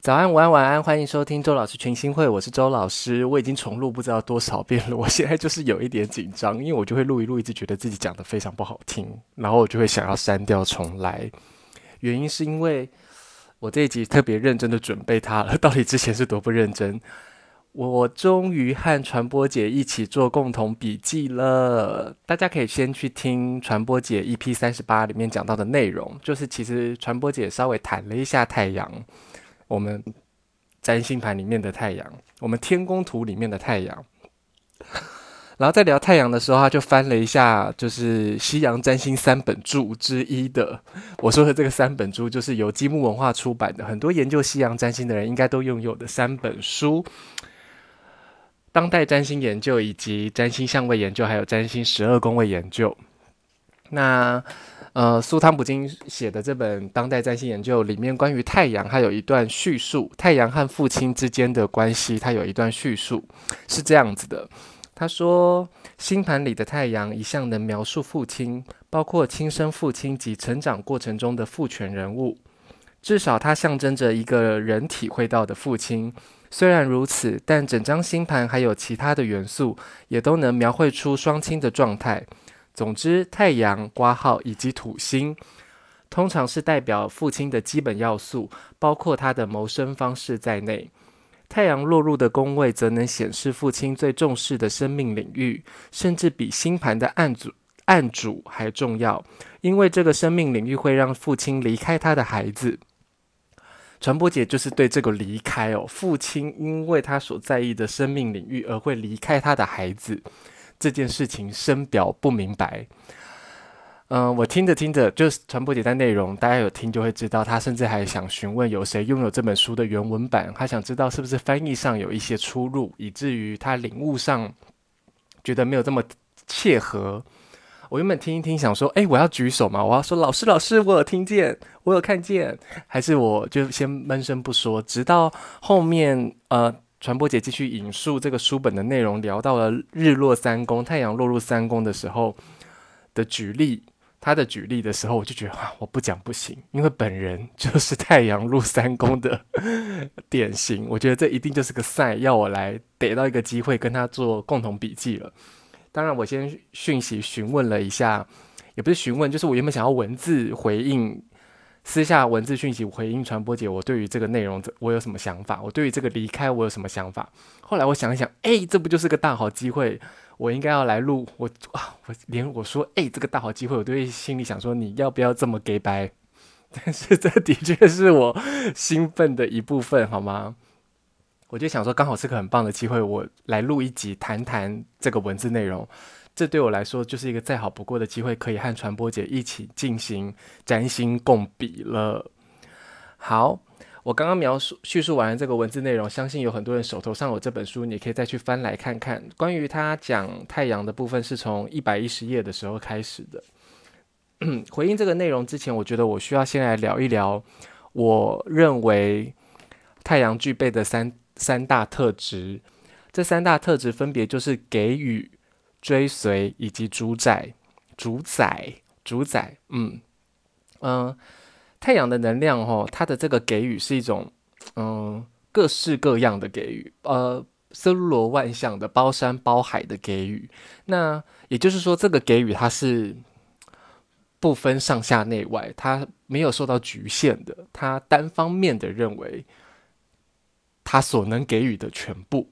早安，午安，晚安，歡迎收聽周老師群星會，我是周老師。我已經重錄不知道多少遍了，我現在就是有一點緊張，因為我就會錄一錄，一直覺得自己講得非常不好聽，然後我就會想要刪掉重來。原因是因為我這一集特別認真的準備它了，到底之前是多不認真。我終於和傳播姐一起做共同筆記了，大家可以先去聽傳播姐 EP 三十八裡面講到的內容，就是其實傳播姐稍微談了一下太陽。我們占星盤裡面的太陽，我們天宮圖裡面的太陽， 然後在聊太陽的時候，他就翻了一下，就是西洋占星三本著之一的，我說的這個三本著，就是由積木文化出版的，很多研究西洋占星的人應該都擁有的三本書：當代占星研究、以及占星相位研究，還有占星十二宮位研究。那。呃，蘇湯普金寫的這本《當代占星研究》裡面關於太陽，還有一段敘述，太陽和父親之間的關係，他有一段敘述是這樣子的。他說，星盤裡的太陽一向能描述父親，包括親生父親及成長過程中的父權人物。至少它象徵着一個人體會到的父親。雖然如此，但整張星盤還有其他的元素，也都能描繪出雙親的狀態。總之，太陽、括號以及土星，通常是代表父親的基本要素，包括他的謀生方式在內。太陽落入的宮位，則能顯示父親最重視的生命領域，甚至比星盤的暗主暗主還重要，因為這個生命領域會讓父親離開他的孩子。傳播姊就是對這個離開哦，父親因為他所在意的生命領域而會離開他的孩子，這件事情深表不明白。嗯、呃，我聽着聽着，就是傳播姊的內容，大家有聽就會知道。他甚至還想詢問有誰擁有這本書的原文版，他想知道是不是翻譯上有一些出入，以至於他領悟上覺得沒有這麼切合。我原本聽一聽，想說，哎，我要舉手嗎？我要說，老師，老師，我有聽見，我有看見，還是我就先悶聲不說，直到後面，呃。傳播姐繼續引述這個書本的內容，聊到了日落三宮，太陽落入三宮的時候的舉例，他的舉例的時候，我就覺得哇、啊，我不講不行，因為本人就是太陽入三宮的典型，我覺得這一定就是個賽，要我來逮到一個機會跟他做共同筆記了。當然，我先訊息詢問了一下，也不是詢問，就是我原本想要文字回應。私下文字訊息回應傳播姊，我對於這個內容，我有什麼想法？我對於這個離開，我有什麼想法？後來我想一想，哎、欸，這不就是個大好機會？我應該要來錄我啊！我連我說，哎、欸，這個大好機會，我都會心裡想說，你要不要這麼給拜？但是這的確是我興奮的一部分，好嗎？我就想說，剛好是個很棒的機會，我來錄一集，談談這個文字內容。這對我來說就是一個再好不過的機會，可以和傳播姊一起進行占星共筆了。好，我剛剛描述敘述完了這個文字內容，相信有很多人手頭上有這本書，你可以再去翻來看看。關於他講太陽的部分，是從一百一十頁的時候開始的。 回應這個內容之前，我覺得我需要先來聊一聊，我認為太陽具備的三三大特質。這三大特質分別就是給予、追隨以及主宰，主宰，主宰，嗯嗯、呃，太陽的能量哦，它的這個給予是一種，嗯、呃，各式各樣的給予，呃，森羅萬象的包山包海的給予。那也就是說，這個給予它是不分上下內外，它沒有受到局限的，它單方面的認為，它所能給予的全部。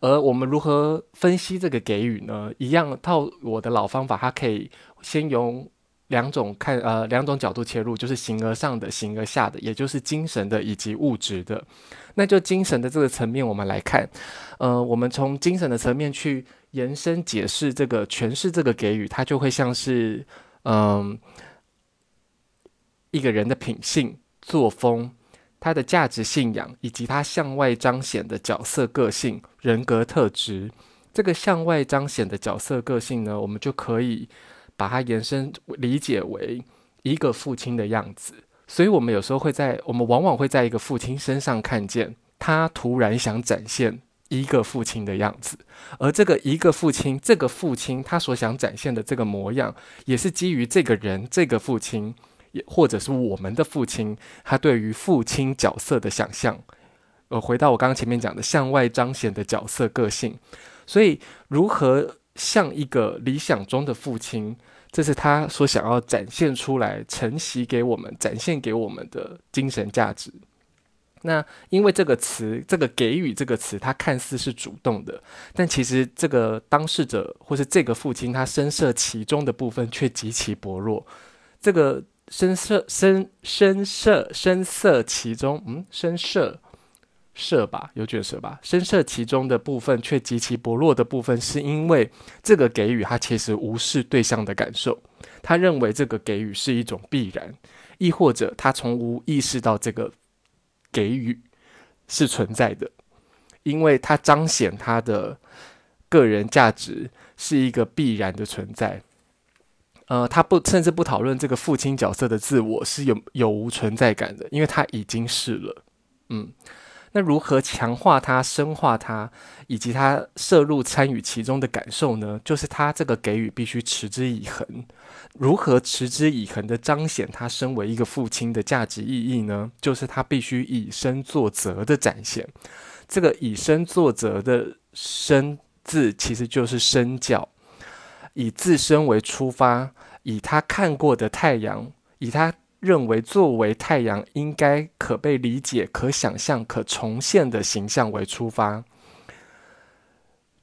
而我們如何分析這個給予呢？一樣套我的老方法，它可以先由兩種看，呃，兩種角度切入，就是形而上的、形而下的，也就是精神的以及物質的。那就精神的這個層面，我們來看，呃，我們從精神的層面去延伸解釋這個、詮釋這個給予，它就會像是，嗯、呃，一個人的品性、作風。他的價值信仰以及他向外彰顯的角色個性、人格特質。這個向外彰顯的角色個性呢，我們就可以把它延伸理解為一個父親的樣子。所以，我們有時候會在我們往往會在一個父親身上看見他突然想展現一個父親的樣子。而這個一個父親，這個父親他所想展現的這個模樣，也是基於這個人，這個父親。或者是我們的父親，他對於父親角色的想象，呃，回到我剛剛前面講的向外彰顯的角色個性，所以如何像一個理想中的父親，這是他所想要展現出來、承襲給我們、展現給我們的精神價值。那因為這個詞“這個給予”這個詞，它看似是主動的，但其實這個當事者或是這個父親，他身涉其中的部分卻極其薄弱。這個。深色深深色深色其中，嗯，深色色吧，有捲舌吧。深色其中的部分，卻極其薄弱的部分，是因為這個給予他其實無視對象的感受，他認為這個給予是一種必然，亦或者他從無意識到這個給予是存在的，因為他彰顯他的個人價值是一個必然的存在。呃，他不，甚至不討論這個父親角色的自我是有有無存在感，的，因為他已經是了。嗯，那如何強化他、深化他，以及他涉入參與其中的感受呢？就是他這個給予必須持之以恆。如何持之以恆的彰顯他身為一個父親的價值意義呢？就是他必須以身作則的展現。這個以身作則的“身”字，其實就是身教。以自身為出發，以他看過的太陽，以他認為作為太陽應該可被理解、可想象、可重現的形象為出發，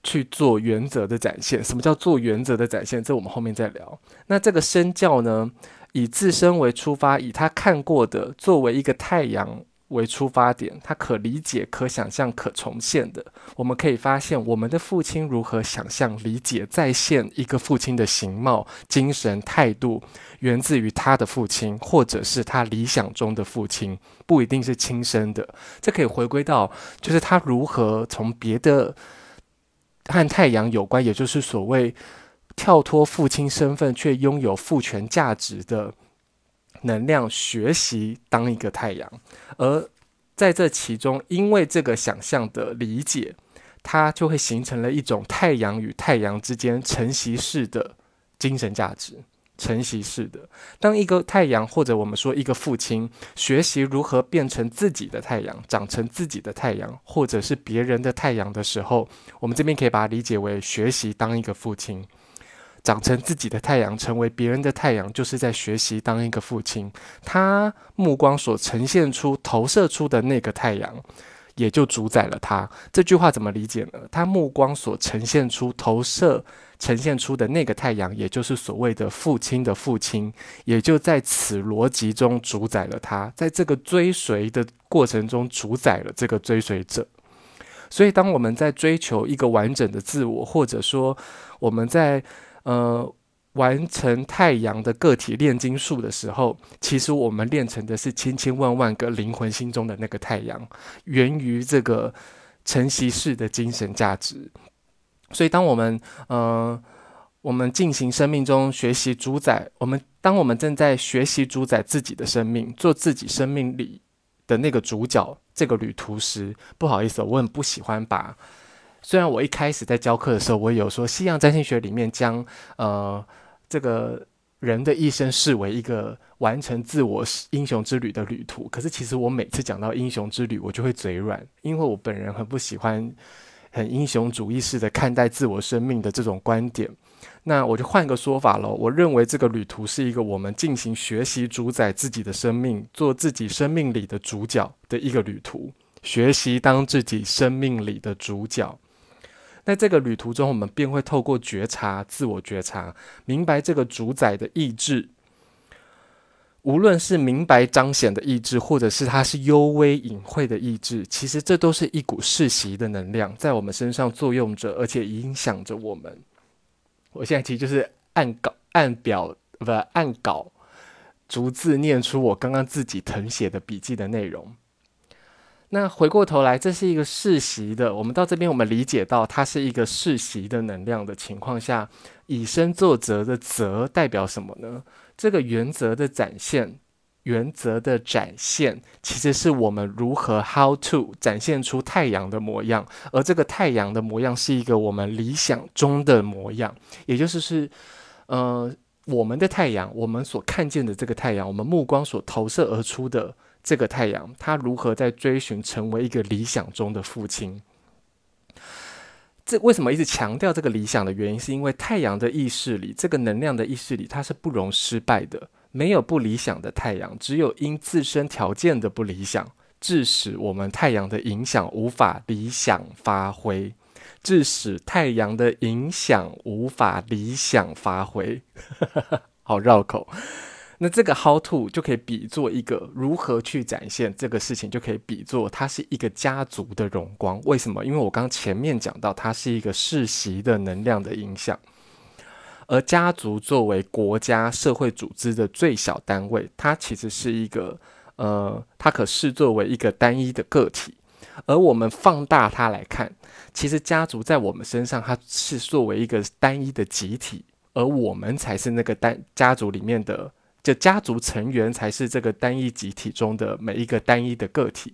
去做原則的展現。什麼叫做原則的展現？這我們後面再聊。那這個身教呢？以自身為出發，以他看過的作為一個太陽。為出發點，他可理解、可想象、可重現的，我們可以發現我們的父親如何想象、理解、再現一個父親的形貌、精神、態度，源自於他的父親，或者是他理想中的父親，不一定是親生的。這可以回歸到，就是他如何從別的和太陽有關，也就是所謂跳脫父親身份，卻擁有父權價值的能量學習當一個太陽，而在這其中，因為這個想象的理解，它就會形成了一種太陽與太陽之間承襲式的精神價值。承襲式的，當一個太陽或者我們說一個父親學習如何變成自己的太陽，長成自己的太陽，或者是別人的太陽的時候，我們這邊可以把它理解為學習當一個父親。長成自己的太陽，成為別人的太陽，就是在學習當一個父親。他目光所呈現出、投射出的那個太陽，也就主宰了他。這句話怎麼理解呢？他目光所呈現出、投射、呈現出的那個太陽，也就是所謂的父親的父親，也就在此邏輯中主宰了他。在這個追隨的過程中，主宰了這個追隨者。所以，當我們在追求一個完整的自我，或者說我們在呃，完成太陽的個體煉金術的時候，其實我們煉成的是千千萬萬個靈魂心中的那個太陽，源於這個晨曦式的精神價值。所以，當我們呃，我們進行生命中學習主宰，我們當我們正在學習主宰自己的生命，做自己生命裡的那個主角，這個旅途時，不好意思哦，我很不喜歡把。雖然我一開始在教課的時候，我有說，西洋占星學裡面將呃，這個人的一生視為一個完成自我英雄之旅的旅途，可是其實我每次講到英雄之旅，我就會嘴軟，因為我本人很不喜歡很英雄主義式的看待自我生命的這種觀點。那我就換個說法嘍，我認為這個旅途是一個我們進行學習、主宰自己的生命、做自己生命裡的主角的一個旅途，學習當自己生命裡的主角。在這個旅途中，我們便會透過覺察、自我覺察，明白這個主宰的意志。無論是明白彰顯的意志，或者是它是幽微隱晦的意志，其實這都是一股世襲的能量在我們身上作用着，而且影響着我們。我現在其實就是按稿、按表，不，按稿，逐字念出我剛剛自己謄寫的筆記的內容。那回過頭來，這是一個世襲的。我們到這邊，我們理解到它是一個世襲的能量的情況下，以身作則的“則”代表什麼呢？這個原則的展現，原則的展現，其實是我們如何 how to 展現出太陽的模樣。而這個太陽的模樣是一個我們理想中的模樣，也就是是呃，我們的太陽，我們所看見的這個太陽，我們目光所投射而出的。這個太陽，他如何在追尋成為一個理想中的父親？這為什麼一直強調這個理想的原因，是因為太陽的意識裡，這個能量的意識裡，它是不容失敗的。沒有不理想的太陽，只有因自身條件的不理想，致使我們太陽的影響無法理想發揮，致使太陽的影響無法理想發揮。 好繞口。那這個 how to 就可以比作一個如何去展現這個事情，就可以比作它是一個家族的榮光。為什麼？因為我剛前面講到，它是一個世襲的能量的影響。而家族作為國家社會組織的最小單位，它其實是一個呃，它可視作為一個單一的個體。而我們放大它來看，其實家族在我們身上，它是作為一個單一的集體，而我們才是那個單家族裡面的。就家族成員才是這個單一集體中的每一個單一的個體，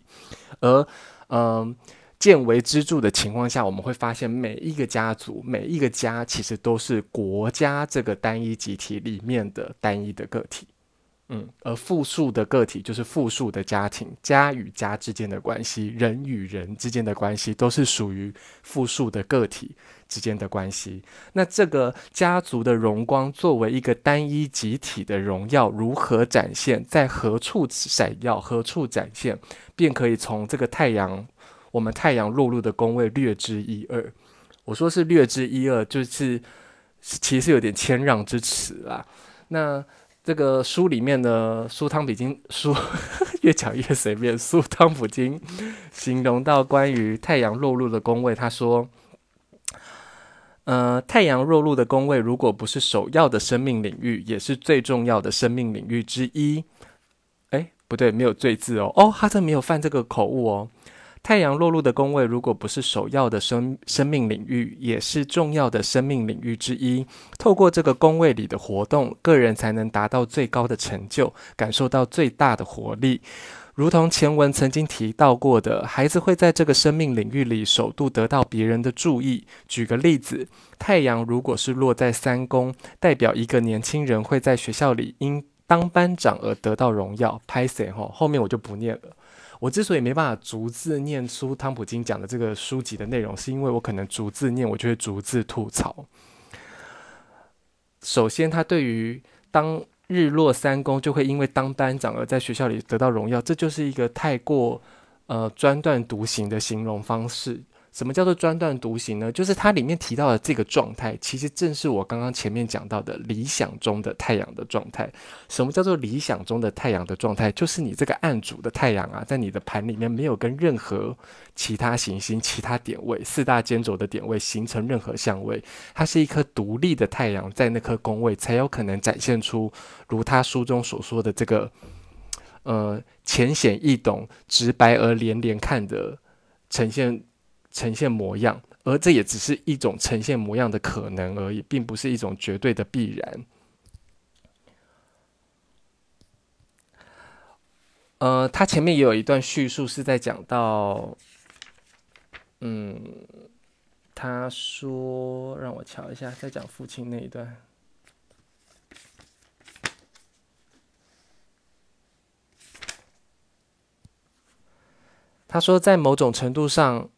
而嗯、呃，見為支柱的情況下，我們會發現每一個家族、每一個家其實都是國家這個單一集體裡面的單一的個體。嗯，而複數的個體就是複數的家庭，家與家之間的關係，人與人之間的關係，都是屬於複數的個體之間的關係，那這個家族的榮光作為一個單一集體的榮耀，如何展現，在何處閃耀，何處展現，便可以從這個太陽，我們太陽落入的宮位略知一二。我說是略知一二，就是其實是有點謙讓之詞啦、啊。那這個書裡面的蘇湯普金，書越講越隨便，蘇湯普金形容到關於太陽落入的宮位，他說。呃，太陽落入的宮位，如果不是首要的生命領域，也是最重要的生命領域之一。誒、欸，不對，沒有“最”字哦。哦，哈特沒有犯這個口誤哦。太陽落入的宮位，如果不是首要的生生命領域，也是重要的生命領域之一。透過這個宮位裡的活動，個人才能達到最高的成就，感受到最大的活力。如同前文曾經提到過的，孩子會在這個生命領域裡首度得到別人的注意。舉個例子，太陽如果是落在三宮，代表一個年輕人會在學校裡因當班長而得到榮耀。拍謝後面我就不念了。我之所以沒辦法逐字念出湯普金講的這個書籍的內容，是因為我可能逐字念，我就會逐字吐槽。首先，他對於當日落三宮，就會因為當班長而在學校裡得到榮耀，這就是一個太過，呃，專斷獨行的形容方式。什麼叫做專斷獨行呢？就是它裡面提到的這個狀態，其實正是我剛剛前面講到的理想中的太陽的狀態。什麼叫做理想中的太陽的狀態？就是你這個暗主的太陽啊，在你的盤裡面沒有跟任何其他行星、其他點位、四大尖軸的點位形成任何相位，它是一顆獨立的太陽，在那顆宮位才有可能展現出如他書中所說的這個，呃，淺顯易懂、直白而連連看的呈現。呈現模樣，而這也只是一種呈現模樣的可能而已，並不是一種絕對的必然。呃，他前面也有一段敘述是在講到，嗯，他說，讓我瞧一下，在講父親那一段。他說，在某種程度上，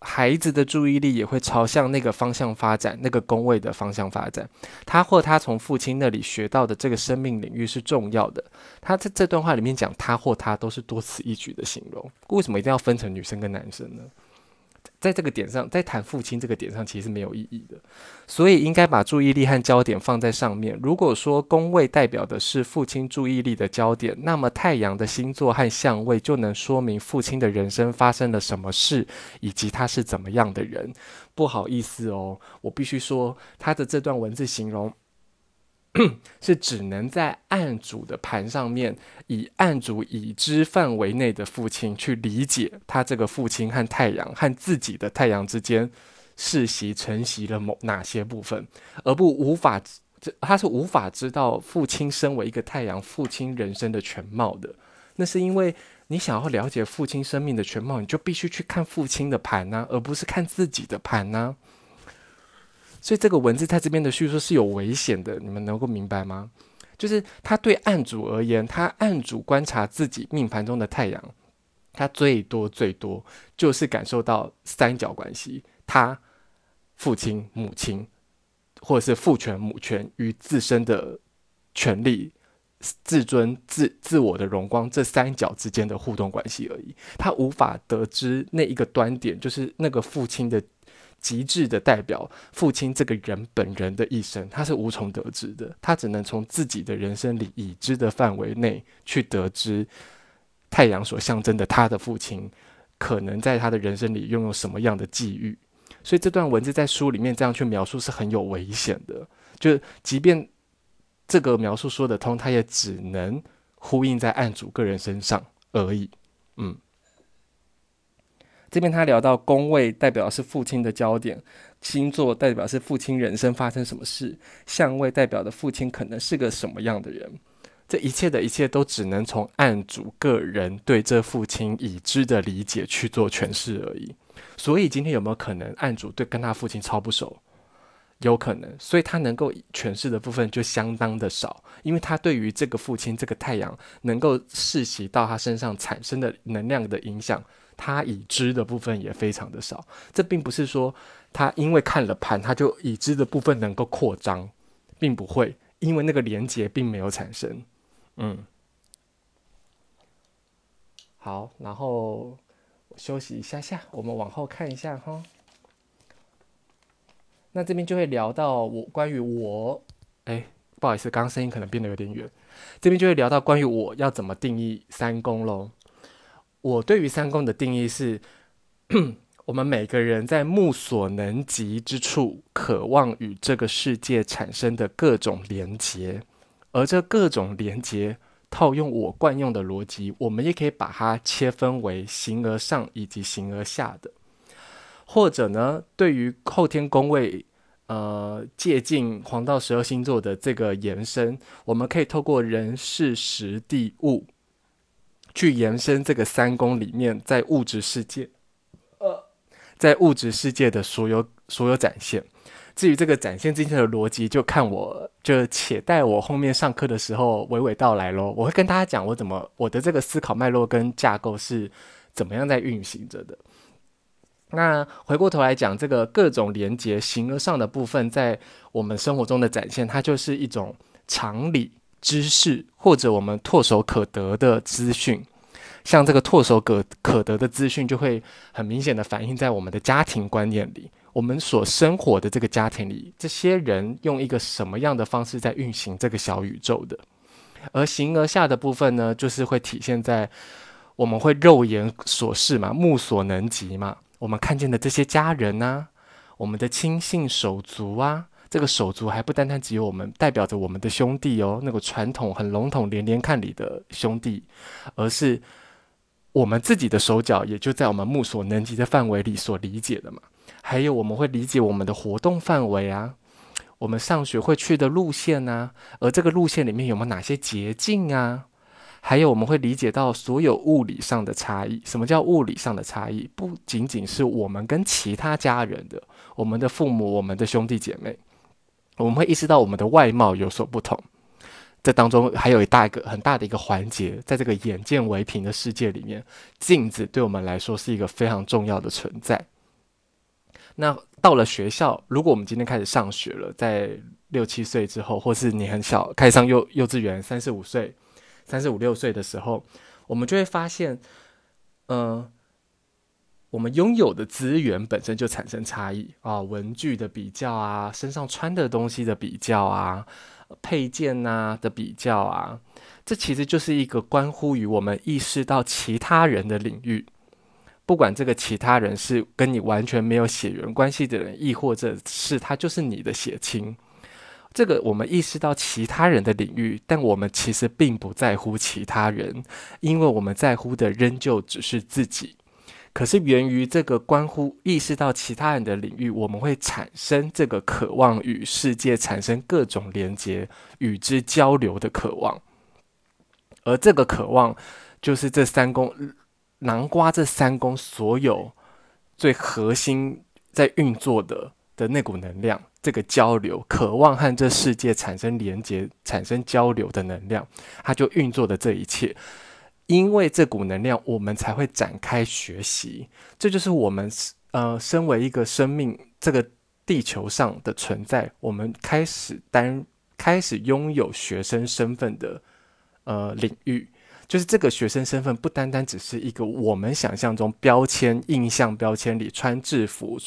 孩子的注意力也會朝向那個方向發展，那個宮位的方向發展。他或她從父親那裡學到的這個生命領域是重要的。他在這段話裡面講“他”或“她”都是多此一舉的形容。為什麼一定要分成女生跟男生呢？在這個點上，在談父親這個點上，其實沒有意義的，所以應該把注意力和焦點放在上面。如果說宮位代表的是父親注意力的焦點，那麼太陽的星座和相位就能說明父親的人生發生了什麼事，以及他是怎麼樣的人。不好意思哦，我必須說他的這段文字形容。 是只能在案主的盤上面，以案主已知範圍內的父親去理解他這個父親和太陽和自己的太陽之間世襲承襲了某哪些部分，而不無法，他是無法知道父親身為一個太陽父親人生的全貌的。那是因為你想要了解父親生命的全貌，你就必須去看父親的盤呢、啊，而不是看自己的盤呢、啊。所以這個文字在這邊的敘述是有危險的，你們能夠明白嗎？就是他對案主而言，他案主觀察自己命盤中的太陽，他最多最多就是感受到三角關係，他父親、母親，或者是父權、母權與自身的權力、自尊、自自我的榮光，這三角之間的互動關係而已，他無法得知那一個端點，就是那個父親的極致的代表父親這個人本人的一生，他是無從得知的。他只能從自己的人生裡已知的範圍內去得知太陽所象徵的他的父親可能在他的人生裡擁有什麼樣的際遇。所以這段文字在書裡面這樣去描述是很有危險的。就即便這個描述說得通，他也只能呼應在案主個人身上而已。嗯。這邊他聊到宮位代表是父親的焦點，星座代表是父親人生發生什麼事，相位代表的父親可能是個什麼樣的人，這一切的一切都只能從案主個人對這父親已知的理解去做詮釋而已。所以今天有沒有可能案主對跟他父親超不熟？有可能，所以他能夠詮釋的部分就相當的少，因為他對於這個父親這個太陽能夠世襲到他身上產生的能量的影響。他已知的部分也非常的少，這並不是說他因為看了盤，他就已知的部分能夠擴張，並不會，因為那個連接並沒有產生。嗯，好，然後休息一下下，我們往後看一下哈。那這邊就會聊到我關於我，哎，不好意思，剛剛聲音可能變得有點遠，這邊就會聊到關於我要怎麼定義三宮咯。我對於三宮的定義是， 我們每個人在目所能及之處，渴望與這個世界產生的各種連接，而這各種連接，套用我慣用的邏輯，我們也可以把它切分為形而上以及形而下的，或者呢，對於後天宮位，呃，借進黃道十二星座的這個延伸，我們可以透過人事、時、地、物。去延伸這個三宮裡面，在物質世界，呃，在物質世界的所有所有展現。至於這個展現之間的邏輯，就看我就且待我後面上課的時候娓娓道來嘍。我會跟大家講我怎麼我的這個思考脈絡跟架構是怎麼樣在運行着的。那回過頭來講，這個各種連接形而上的部分在我們生活中的展現，它就是一種常理、知識或者我們唾手可得的資訊，像這個唾手可可得的資訊，就會很明顯的反映在我們的家庭觀念裡，我們所生活的這個家庭裡，這些人用一個什麼樣的方式在運行這個小宇宙的？而形而下的部分呢，就是會體現在我們會肉眼所視嘛，目所能及嘛，我們看見的這些家人啊，我們的親信、手足啊。這個手足還不單單只有我們，代表着我們的兄弟哦，那個傳統很籠統，連連看裡的兄弟，而是我們自己的手腳，也就在我們目所能及的範圍裡所理解的嘛。還有我們會理解我們的活動範圍啊，我們上學會去的路線吶，而這個路線裡面有沒有哪些捷徑啊？還有我們會理解到所有物理上的差異。什麼叫物理上的差異？不僅僅是我們跟其他家人的，我們的父母，我們的兄弟姐妹。我們會意識到我們的外貌有所不同，在當中還有一大一個很大的一個環節，在這個眼見為憑的世界裡面，鏡子對我們來說是一個非常重要的存在。那到了學校，如果我們今天開始上學了，在六七歲之後，或是你很小開始上幼幼稚園，三四五歲，三四五六歲的時候，我們就會發現，嗯、呃。我們擁有的資源本身就產生差異啊、哦，文具的比較啊，身上穿的東西的比較啊，呃、配件吶、啊、的比較啊，這其實就是一個關乎於我們意識到其他人的領域，不管這個其他人是跟你完全沒有血緣關係的人，亦或者是他就是你的血親，這個我們意識到其他人的領域，但我們其實並不在乎其他人，因為我們在乎的仍舊只是自己。可是源於這個關乎意識到其他人的領域，我們會產生這個渴望與世界產生各種連接、與之交流的渴望。而這個渴望，就是這三宮南瓜這三宮所有最核心在運作的的那股能量。這個交流、渴望和這世界產生連接、產生交流的能量，它就運作的這一切。因為這股能量，我們才會展開學習。這就是我們，呃，身為一個生命，這個地球上的存在，我們開始單開始擁有學生身份的，呃，領域。就是這個學生身份，不單單只是一個我們想象中標籤、印象標籤裡穿制服、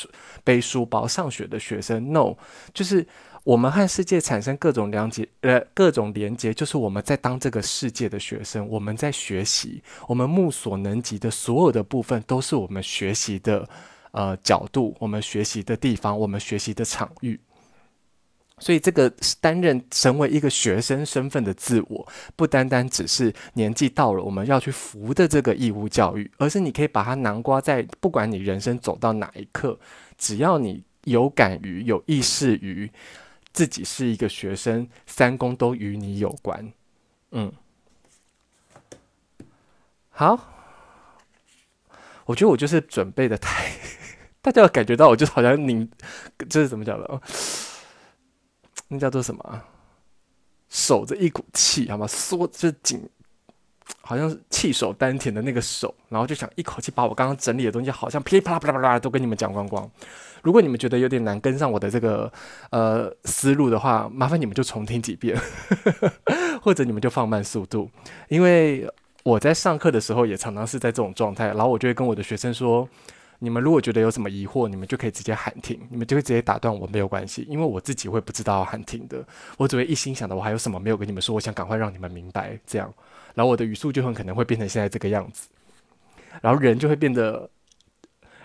背書包上學的學生。No，就是。我們和世界產生各種連接，呃，各種連接就是我們在當這個世界的學生，我們在學習，我們目所能及的所有的部分都是我們學習的，呃，角度，我們學習的地方，我們學習的場域。所以，這個是擔任成為一個學生身份的自我，不單單只是年紀到了我們要去服的這個義務教育，而是你可以把它囊括在不管你人生走到哪一刻，只要你有感於有意識於。自己是一個學生，三公都與你有關，嗯，好，我覺得我就是準備的太，大家要感覺到我就好像你，這是怎麼講的？那叫做什麼？守着一股氣，好嗎？縮着緊。好像是氣手丹田的那個手，然後就想一口氣把我剛剛整理的東西，好像噼里啪啦啪啦啪啦都跟你們講光光。如果你們覺得有點難跟上我的這個呃思路的話，麻煩你們就重聽幾遍， 或者你們就放慢速度，因為我在上課的時候也常常是在這種狀態，然後我就會跟我的學生說，你們如果覺得有什麼疑惑，你們就可以直接喊停，你們就可以直接打斷我，沒有關係，因為我自己會不知道喊停的，我只會一心想著我還有什麼沒有跟你們說，我想趕快讓你們明白這樣。然後我的語速就很可能會變成現在這個樣子，然後人就會變得，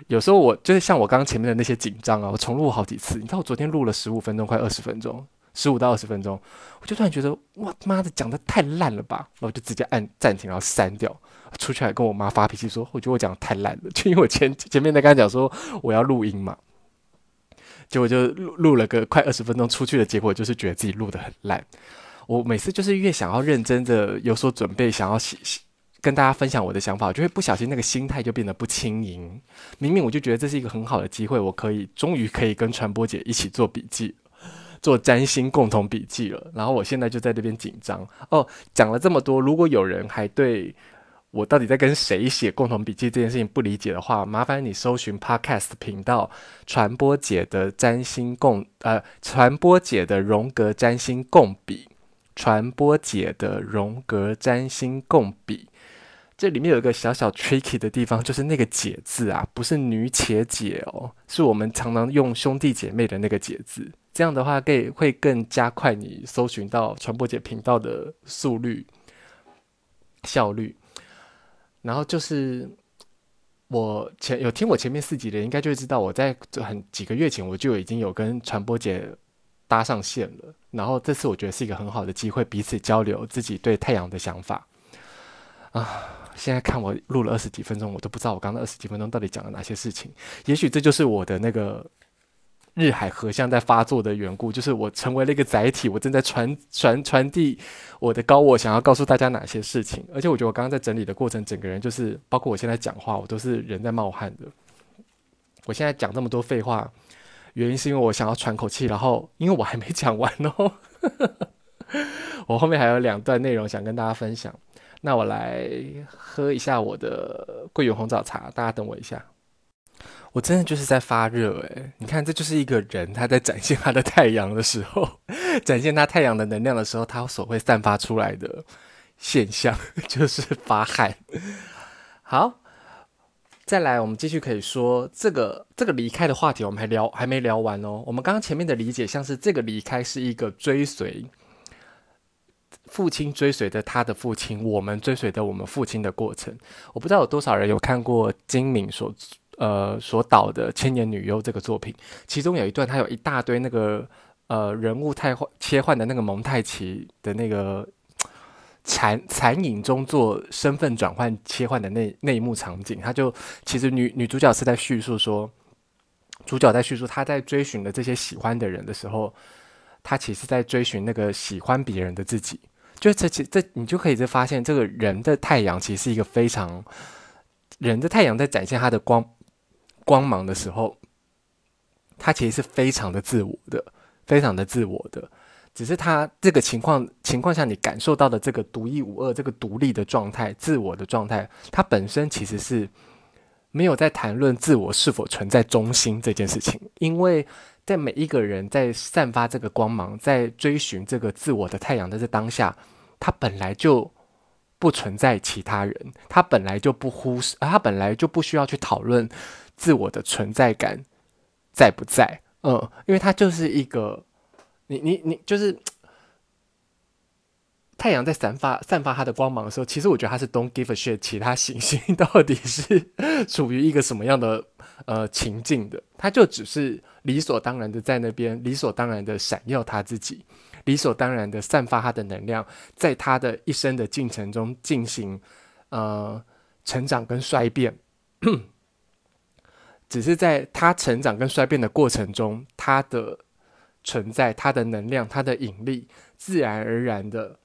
有時候我就是像我剛剛前面的那些緊張啊，我重錄好幾次，你知道我昨天錄了十五分鐘，快二十分鐘，十五到二十分鐘，我就突然覺得我媽的講的太爛了吧，然後就直接按暫停，然後刪掉，出去還跟我媽發脾氣說，我覺得我講的太爛了，就因為我前前面在跟她講說我要錄音嘛，結果就錄錄了個快二十分鐘，出去的結果就是覺得自己錄的很爛。我每次就是越想要認真的有所準備，想要寫跟大家分享我的想法，就會不小心那個心態就變得不輕盈。明明我就覺得這是一個很好的機會，我可以終於可以跟傳播姐一起做筆記，做占星共同筆記了。然後我現在就在這邊緊張哦。講了這麼多，如果有人還對我到底在跟誰寫共同筆記這件事情不理解的話，麻煩你搜尋 Podcast 頻道，傳播姐的占星共呃傳播姐的榮格占星共筆。傳播姐的榮格占星共筆，這裡面有一個小小 tricky 的地方，就是那個“姐”字啊，不是女且姐，姐哦，是我們常常用兄弟姐妹的那個“姐”字，這樣的話可以會更加快你搜尋到傳播姐頻道的速率效率。然後就是我前有聽我前面四集的，應該就會知道，我在很幾個月前我就已經有跟傳播姐搭上線了。然後這次我覺得是一個很好的機會，彼此交流自己對太陽的想法。啊，現在看我錄了二十幾分鐘，我都不知道我剛剛二十幾分鐘到底講了哪些事情。也許這就是我的那個日海合相在發作的緣故，就是我成為了一個載體，我正在傳傳傳遞我的高我想要告訴大家哪些事情。而且我覺得我剛剛在整理的過程，整個人就是包括我現在講話，我都是人在冒汗的。我現在講這麼多廢話。原因是因為我想要喘口氣，然後因為我還沒講完哦， 我後面還有兩段內容想跟大家分享。那我來喝一下我的桂圓紅棗茶，大家等我一下。我真的就是在發熱哎、欸，你看這就是一個人他在展現他的太陽的時候，展現他太陽的能量的時候，他所會散發出來的現象就是發汗。好。再來，我們繼續可以說這個這個離開的話題，我們還聊還沒聊完哦。我們剛剛前面的理解，像是這個離開是一個追隨，父親追隨着他的父親，我們追隨着我們父親的過程。我不知道有多少人有看過金敏所呃所導的《千年女優》這個作品，其中有一段，他有一大堆那個呃人物太換切換的那個蒙太奇的那個殘殘影中做身份轉換切換的那那一幕場景，他就其實女女主角是在敘述說，主角在敘述她在追尋的這些喜歡的人的時候，她其實在追尋那個喜歡別人的自己。就這其這你就可以發現，這個人的太陽其實是一個非常人的太陽在展現他的光光芒的時候，他其實是非常的自我的，非常的自我的。只是他這個情況情況下，你感受到的這個獨一無二、這個獨立的狀態、自我的狀態，它本身其實是沒有在談論自我是否存在中心這件事情。因為在每一個人在散發這個光芒、在追尋這個自我的太陽的這當下，他本來就不存在其他人，他本來就不忽視，而他本來就不需要去討論自我的存在感在不在。嗯，因為他就是一個。你你你就是太陽在散發散發它的光芒的時候，其實我覺得他是 don't give a shit 其他行星到底是處於一個什麼樣的呃情境的，他就只是理所當然的在那邊，理所當然的閃耀他自己，理所當然的散發他的能量，在他的一生的進程中進行呃成長跟衰變， 只是在他成長跟衰變的過程中，他的存在它的能量，它的引力，自然而然的，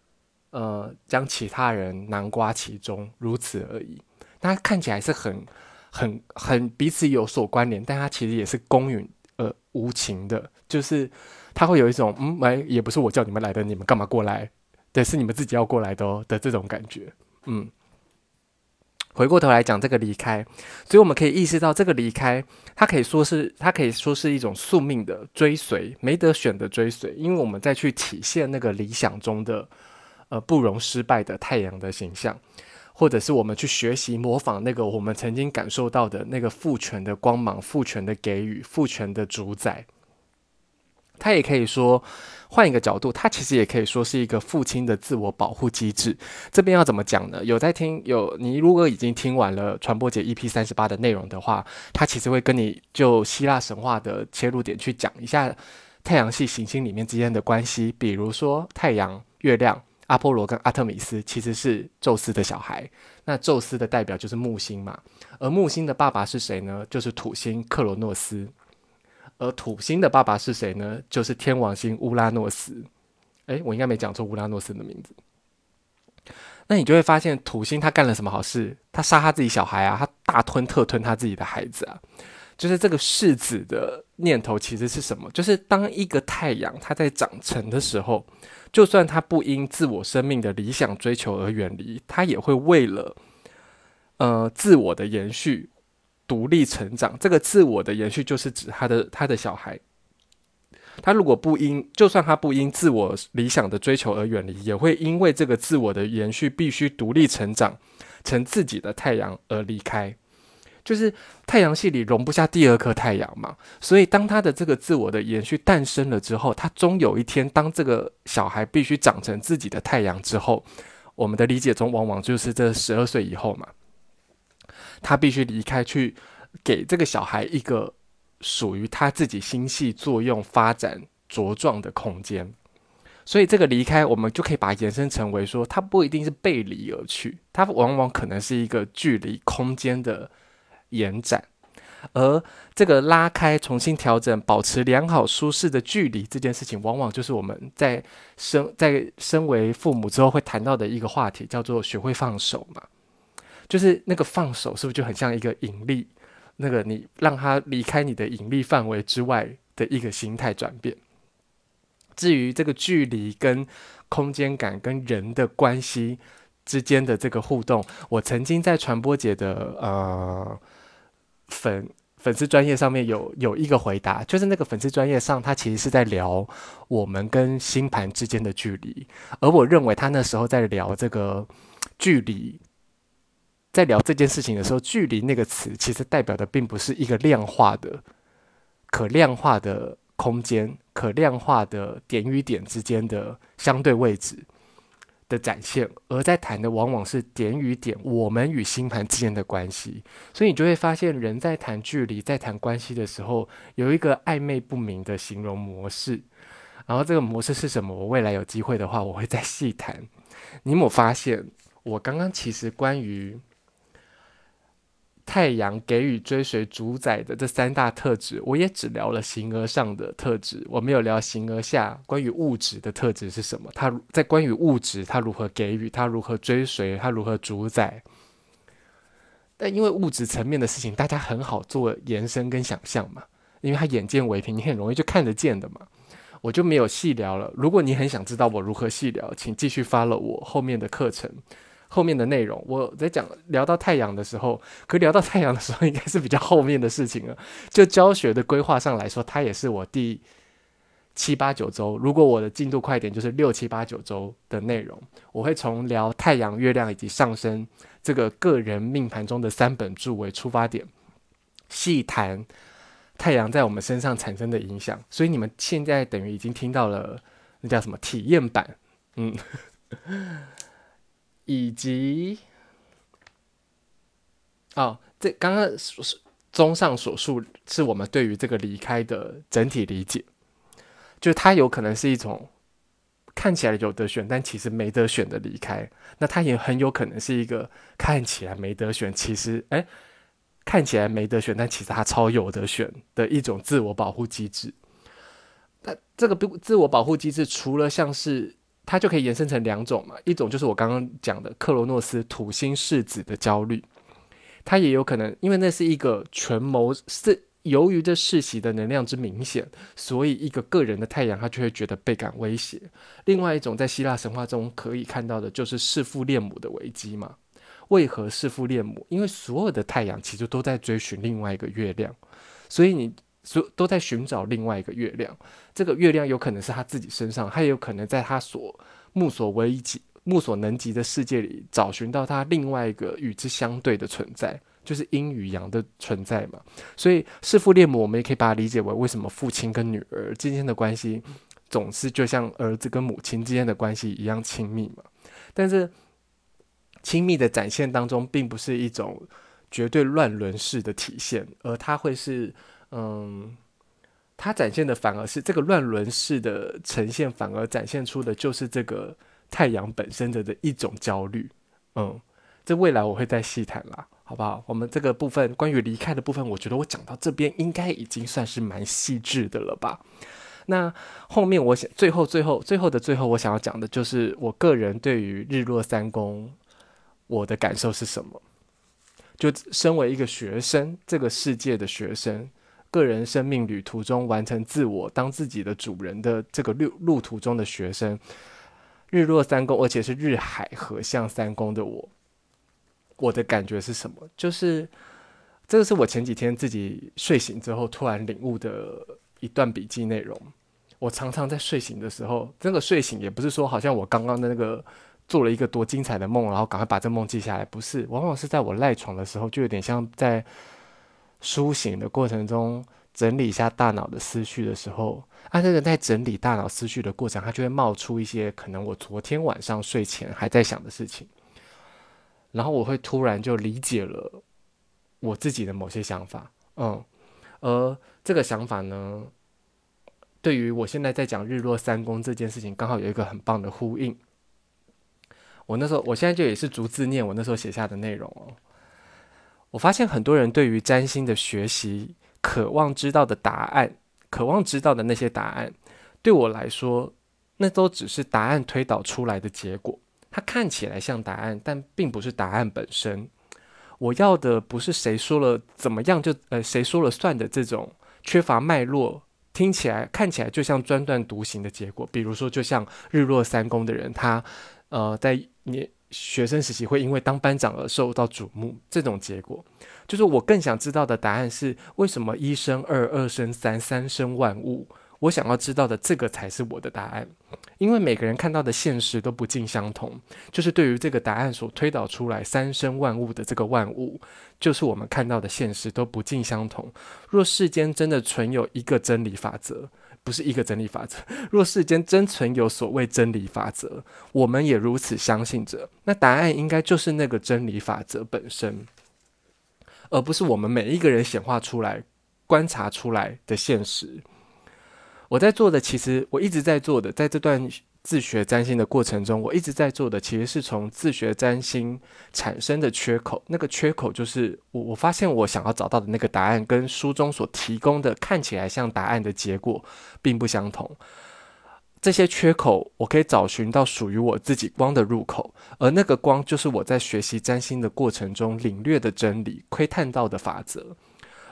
呃，將其他人囊括其中，如此而已。他看起來是很、很、很彼此有所關聯，但它其實也是公允、呃，無情的。就是它會有一種，嗯，哎，也不是我叫你們來的，你們幹嘛過來？對，是你們自己要過來的、哦，的這種感覺，嗯。回過頭來講這個離開，所以我們可以意識到，這個離開，它可以說是，它可以說是一種宿命的追隨，沒得選的追隨。因為我們在去體現那個理想中的，呃，不容失敗的太陽的形象，或者是我們去學習模仿那個我們曾經感受到的那個父權的光芒、父權的給予、父權的主宰。他也可以說換一個角度，他其實也可以說是一個父親的自我保護機製。這邊要怎麼講呢？有在聽有，你如果已經聽完了傳播姊 EP 三十八的內容的話，他其實會跟你就希臘神話的切入點去講一下太陽系行星裡面之間的關係。比如說太陽、月亮、阿波羅跟阿特米斯其實是宙斯的小孩，那宙斯的代表就是木星嘛，而木星的爸爸是誰呢？就是土星克羅諾斯。而土星的爸爸是誰呢？就是天王星烏拉諾斯。哎、欸，我應該沒講錯烏拉諾斯的名字。那你就會發現土星他幹了什麼好事？他殺他自己小孩啊！他大吞特吞他自己的孩子啊！就是這個弒子的念頭其實是什麼？就是當一個太陽它在長成的時候，就算它不因自我生命的理想追求而遠離，它也會為了呃自我的延續。獨立成長，這個自我的延續就是指他的他的小孩，他如果不因就算他不因自我理想的追求而遠離，也會因為這個自我的延續必須獨立成長成自己的太陽而離開。就是太陽系裡容不下第二顆太陽嘛，所以當他的這個自我的延續誕生了之後，他終有一天，當這個小孩必須長成自己的太陽之後，我們的理解中往往就是這十二歲以後嘛。他必須離開，去給這個小孩一個屬於他自己心系作用發展茁壯的空間。所以，這個離開我們就可以把它延伸成為說，他不一定是背離而去，他往往可能是一個距離空間的延展。而這個拉開、重新調整、保持良好舒適的距離這件事情，往往就是我們在生在身為父母之後會談到的一個話題，叫做學會放手嘛。就是那個放手，是不是就很像一個引力？那個你讓他離開你的引力範圍之外的一個心態轉變。至於這個距離跟空間感跟人的關係之間的這個互動，我曾經在傳播姐的呃粉粉絲專頁上面有有一個回答，就是那個粉絲專頁上，他其實是在聊我們跟星盤之間的距離，而我認為他那時候在聊這個距離。在聊這件事情的時候，距離那個詞其實代表的並不是一個量化的、可量化的空間、可量化的點與點之間的相對位置的展現，而在談的往往是點與點、我們與星盤之間的關係。所以你就會發現，人在談距離、在談關係的時候，有一個曖昧不明的形容模式。然後這個模式是什麼？我未來有機會的話，我會再細談。你有沒有發現？我剛剛其實關於。太陽給予、追隨、主宰的這三大特質，我也只聊了形而上的特質，我沒有聊形而下關於物質的特質是什麼。它在關於物質，它如何給予，它如何追隨，它如何主宰？但因為物質層面的事情，大家很好做延伸跟想象嘛，因為他眼見為憑，你很容易就看得見的嘛，我就沒有細聊了。如果你很想知道我如何細聊，請繼續 follow 我後面的課程。後面的內容，我在講聊到太陽的時候，可聊到太陽的時候，應該是比較後面的事情了。就教學的規劃上來說，它也是我第七八九週。如果我的進度快點，就是六七八九週的內容，我會從聊太陽、月亮以及上升這個個人命盤中的三本柱為出發點，細談太陽在我們身上產生的影響。所以你們現在等於已經聽到了那叫什麼體驗版，嗯。以及，哦，這剛剛綜上所述，是我們對於這個離開的整體理解。就他有可能是一種看起來有得選，但其實沒得選的離開。那他也很有可能是一個看起來沒得選，其實哎、欸，看起來沒得選，但其實他超有得選的一種自我保護機制。那這個不自我保護機制，除了像是。它就可以延伸成兩種嘛，一種就是我剛剛講的克羅諾斯土星弒子的焦慮，它也有可能，因為那是一個權謀，是由於這世襲的能量之明顯，所以一個個人的太陽，他就會覺得倍感威脅。另外一種，在希臘神話中可以看到的就是弑父戀母的危機嘛。為何弑父戀母？因為所有的太陽其實都在追尋另外一個月亮，所以你。所都在尋找另外一個月亮，這個月亮有可能是他自己身上，他也有可能在他所目所為及目所能及的世界裡，找尋到他另外一個與之相對的存在，就是陰與陽的存在嘛。所以弒父戀母，我們也可以把它理解為為什麼父親跟女兒之間的關係總是就像兒子跟母親之間的關係一樣親密嘛？但是親密的展現當中，並不是一種絕對亂倫式的體現，而它會是。嗯，它展現的反而是這個亂倫式的呈現，反而展現出的就是這個太陽本身的的一種焦慮。嗯，這未來我會再細談啦，好不好？我們這個部分關於離開的部分，我覺得我講到這邊應該已經算是蠻細緻的了吧？那後面我想最後最後最後的最後，我想要講的就是我個人對於日落三宮我的感受是什麼？就身為一個學生，這個世界的學生。個人生命旅途中完成自我當自己的主人的這個路途中的學生，日落三宮，而且是日海合相三宮的我，我的感覺是什麼？就是這個是我前幾天自己睡醒之後突然領悟的一段筆記內容。我常常在睡醒的時候，真的睡醒也不是說好像我剛剛的那個做了一個多精彩的夢，然後趕快把這夢記下來，不是，往往是在我賴床的時候，就有點像在。甦醒的過程中，整理一下大腦的思緒的時候，啊，這個在整理大腦思緒的過程，它就會冒出一些可能我昨天晚上睡前還在想的事情，然後我會突然就理解了我自己的某些想法，嗯，而這個想法呢，對於我現在在講日落三宮這件事情，剛好有一個很棒的呼應。我那時候，我現在就也是逐字念我那時候寫下的內容哦、喔。我發現很多人對於占星的學習，渴望知道的答案，渴望知道的那些答案，對我來說，那都只是答案推導出來的結果。它看起來像答案，但並不是答案本身。我要的不是誰說了怎麼樣就呃誰說了算的這種缺乏脈絡，聽起來看起來就像專斷獨行的結果。比如說，就像日落三宮的人，他呃在你。學生時期會因為當班長而受到矚目，這種結果就是我更想知道的答案，是為什麼一生二，二生三，三生萬物。我想要知道的這個才是我的答案，因為每個人看到的現實都不盡相同。就是對於這個答案所推導出來三生萬物的這個萬物，就是我們看到的現實都不盡相同。若世間真的存有一個真理法則。不是一個真理法則。若世間真存有所謂真理法則，我們也如此相信着。那答案應該就是那個真理法則本身，而不是我們每一個人顯化出來、觀察出來的現實。我在做的，其實我一直在做的，在這段。自學占星的過程中，我一直在做的其實是從自學占星產生的缺口。那個缺口就是我我發現我想要找到的那個答案，跟書中所提供的看起來像答案的結果並不相同。這些缺口，我可以找尋到屬於我自己光的入口，而那個光就是我在學習占星的過程中領略的真理，窺探到的法則。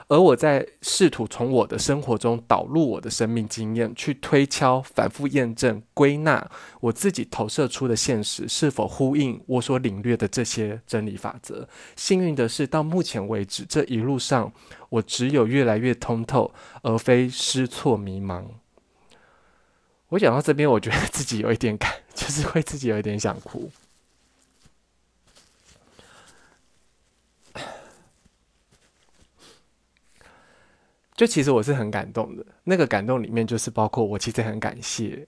而我在試圖從我的生活中導入我的生命經驗，去推敲、反覆驗證、歸納我自己投射出的現實是否呼應我所領略的這些真理法則。幸運的是，到目前為止，這一路上我只有越來越通透，而非失措迷茫。我講到這邊，我覺得自己有一點感，就是會自己有一點想哭。就其實我是很感動的，那個感動裡面就是包括我其實很感謝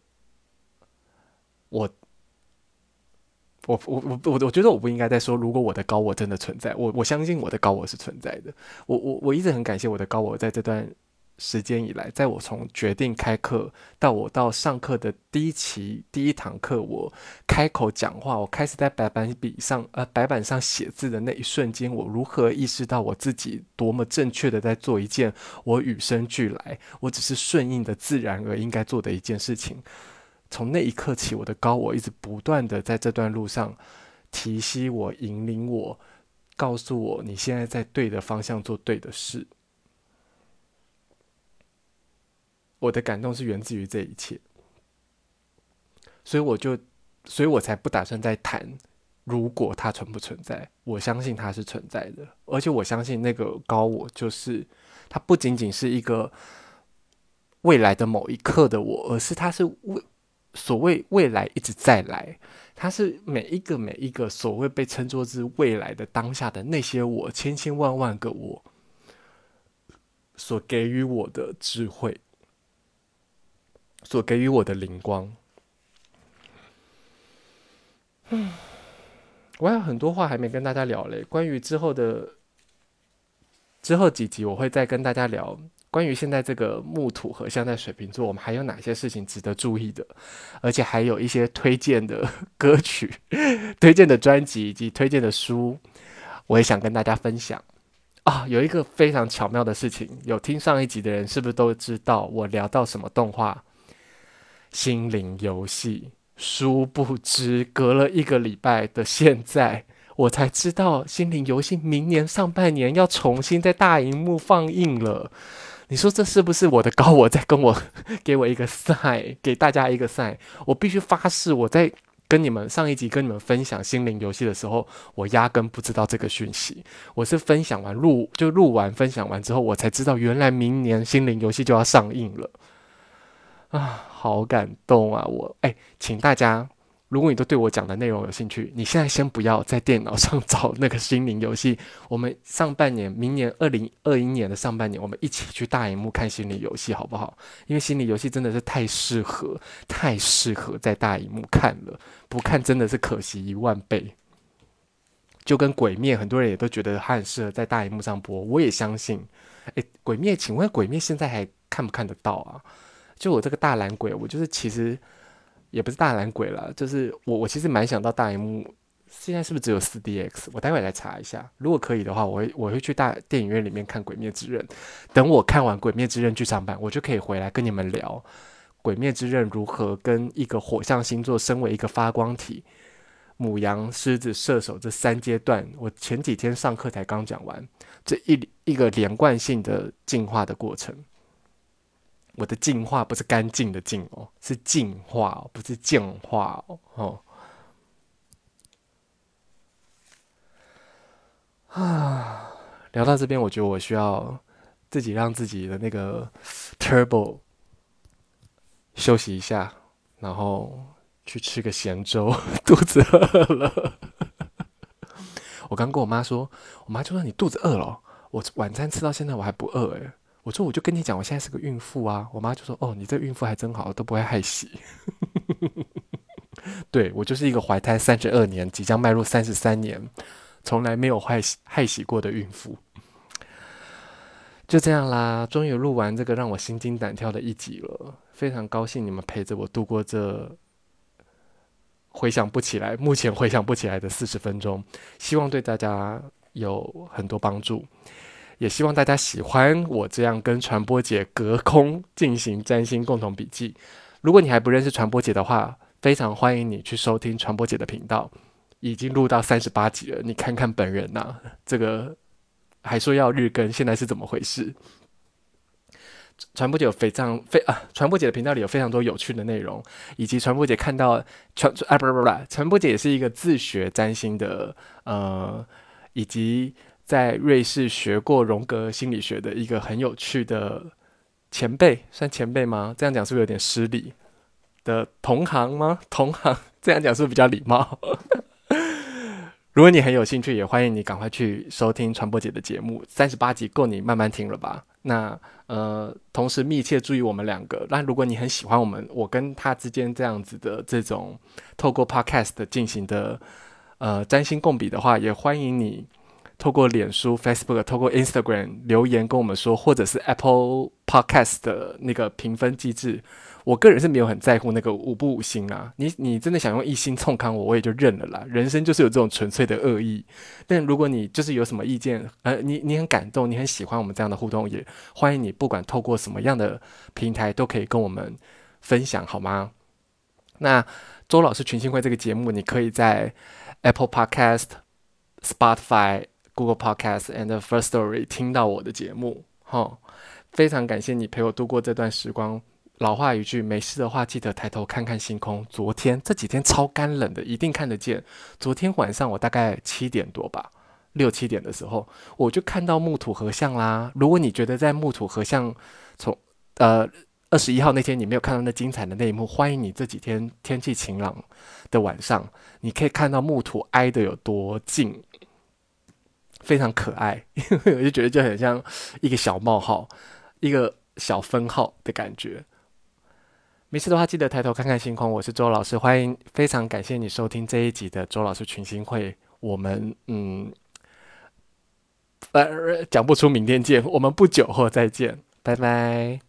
我，我我我我我覺得我不應該再說，如果我的高我真的存在，我我相信我的高我是存在的，我我我一直很感謝我的高我在這段。時間以來，在我從決定開課到我到上課的第一期第一堂課，我開口講話，我開始在白板筆上呃白板上寫字的那一瞬間，我如何意識到我自己多麼正確的在做一件我與生俱來，我只是順應的自然而應該做的一件事情。從那一刻起，我的高我一直不斷的在這段路上提醒我，引領我，告訴我你現在在對的方向做對的事。我的感動是源自於這一切，所以我就，所以我才不打算再談。如果它存不存在，我相信它是存在的，而且我相信那個高我就是它不僅僅是一個未來的某一刻的我，而是它是未所謂未來一直在來，它是每一個每一個所謂被稱作之未來的當下的那些我，千千萬萬個我所給予我的智慧。所給予我的靈光，嗯，我還有很多話還沒跟大家聊嘞。關於之後的之後幾集，我會再跟大家聊。關於現在這個木土合相在水瓶座，我們還有哪些事情值得注意的？而且還有一些推薦的歌曲、推薦的專輯以及推薦的書，我也想跟大家分享。啊，有一個非常巧妙的事情，有聽上一集的人是不是都知道我聊到什麼動畫？心靈遊戲，殊不知隔了一個禮拜的現在，我才知道心靈遊戲明年上半年要重新在大銀幕放映了。你說這是不是我的高我在跟我給我一個 sign，給大家一個 sign。我必須發誓，我在跟你們上一集跟你們分享心靈遊戲的時候，我壓根不知道這個訊息。我是分享完錄就錄完分享完之後，我才知道原來明年心靈遊戲就要上映了啊！好感動啊！我哎、欸，請大家，如果你都對我講的內容有興趣，你現在先不要在電腦上找那個《心靈遊戲》。我們上半年，明年二零二一年的上半年，我們一起去大熒幕看《心理遊戲》，好不好？因為《心理遊戲》真的是太適合，太適合在大熒幕看了，不看真的是可惜一萬倍。就跟《鬼滅》，很多人也都覺得它很適合在大熒幕上播，我也相信。哎、欸，《鬼滅》，請問《鬼滅》現在還看不看得到啊？就我這個大懶鬼，我就是，其實也不是大懶鬼了，就是我、我其實蠻想到大螢幕，現在是不是只有四 DX？我待會來查一下，如果可以的話，我會我會去大電影院裡面看《鬼滅之刃》。等我看完《鬼滅之刃》劇場版，我就可以回來跟你們聊《鬼滅之刃》如何跟一個火象星座，身為一個發光體，牡羊、獅子、射手這三階段，我前幾天上課才剛講完，這一一個連貫性的進化的過程。我的淨化不是乾淨的淨哦，是淨化、哦，不是淨化哦。哦，啊，聊到這邊，我覺得我需要自己讓自己的那個 turbo 休息一下，然後去吃個鹹粥， 肚子餓餓了。 我剛跟我媽說，我媽就說你肚子餓了、哦。我晚餐吃到現在，我還不餓哎、欸。我說，我就跟你講，我現在是個孕婦啊！我媽就說：“哦，你這孕婦還真好，都不會害喜。” 對”，對我就是一個懷胎三十二年，即將邁入三十三年，從來沒有害害喜過的孕婦。就這樣啦，終於錄完這個讓我心驚膽跳的一集了，非常高興你們陪着我度過這回想不起來，目前回想不起來的四十分鐘，希望對大家有很多幫助。也希望大家喜歡我這樣跟傳播姐隔空進行占星共同筆記。如果你還不認識傳播姐的話，非常歡迎你去收聽傳播姐的頻道，已經錄到三十八集了。你看看本人吶，啊，這個還說要日更，現在是怎麼回事？傳播姐有非常非啊，傳播姐的頻道裡有非常多有趣的內容，以及傳播姐看到傳啊不不不，傳播姐也是一個自學占星的呃，以及。在瑞士學過榮格心理學的一個很有趣的前輩，算前輩嗎？這樣講是不是有點失禮的同行嗎？同行這樣講是不是比較禮貌？ 如果你很有興趣，也歡迎你趕快去收聽傳播姊的節目，三十八集夠你慢慢聽了吧？那呃，同時密切注意我們兩個。那如果你很喜歡我們，我跟他之間這樣子的這種透過 podcast 進行的呃占星共筆的話，也歡迎你。透過臉書、Facebook、透過 Instagram 留言跟我們說，或者是 Apple Podcast 的那個評分機制，我個人是沒有很在乎那個五不五星啊。你你真的想用一星沖康我，我也就認了啦。人生就是有這種純粹的惡意。但如果你就是有什麼意見，呃，你你很感動，你很喜歡我們這樣的互動，也歡迎你不管透過什麼樣的平台都可以跟我們分享，好嗎？那周老師《群星會》這個節目，你可以在 Apple Podcast、Spotify。Google Podcast and the Firstory 聽到我的節目，哈、哦，非常感謝你陪我度過這段時光。老話一句，沒事的話記得抬頭看看星空。昨天這幾天超乾冷的，一定看得見。昨天晚上我大概七點多吧，六七點的時候，我就看到木土合相啦。如果你覺得在木土合相從呃二十一號那天你沒有看到那精彩的那一幕，歡迎你這幾天天氣晴朗的晚上，你可以看到木土挨得有多近。非常可愛，我就覺得就很像一個小冒號、一個小分號的感覺。沒事的話，記得抬頭看看星空。我是周老師，歡迎，非常感謝你收聽這一集的周老師群星會。我們嗯，呃，講不出明天見，我們不久後再見，拜拜。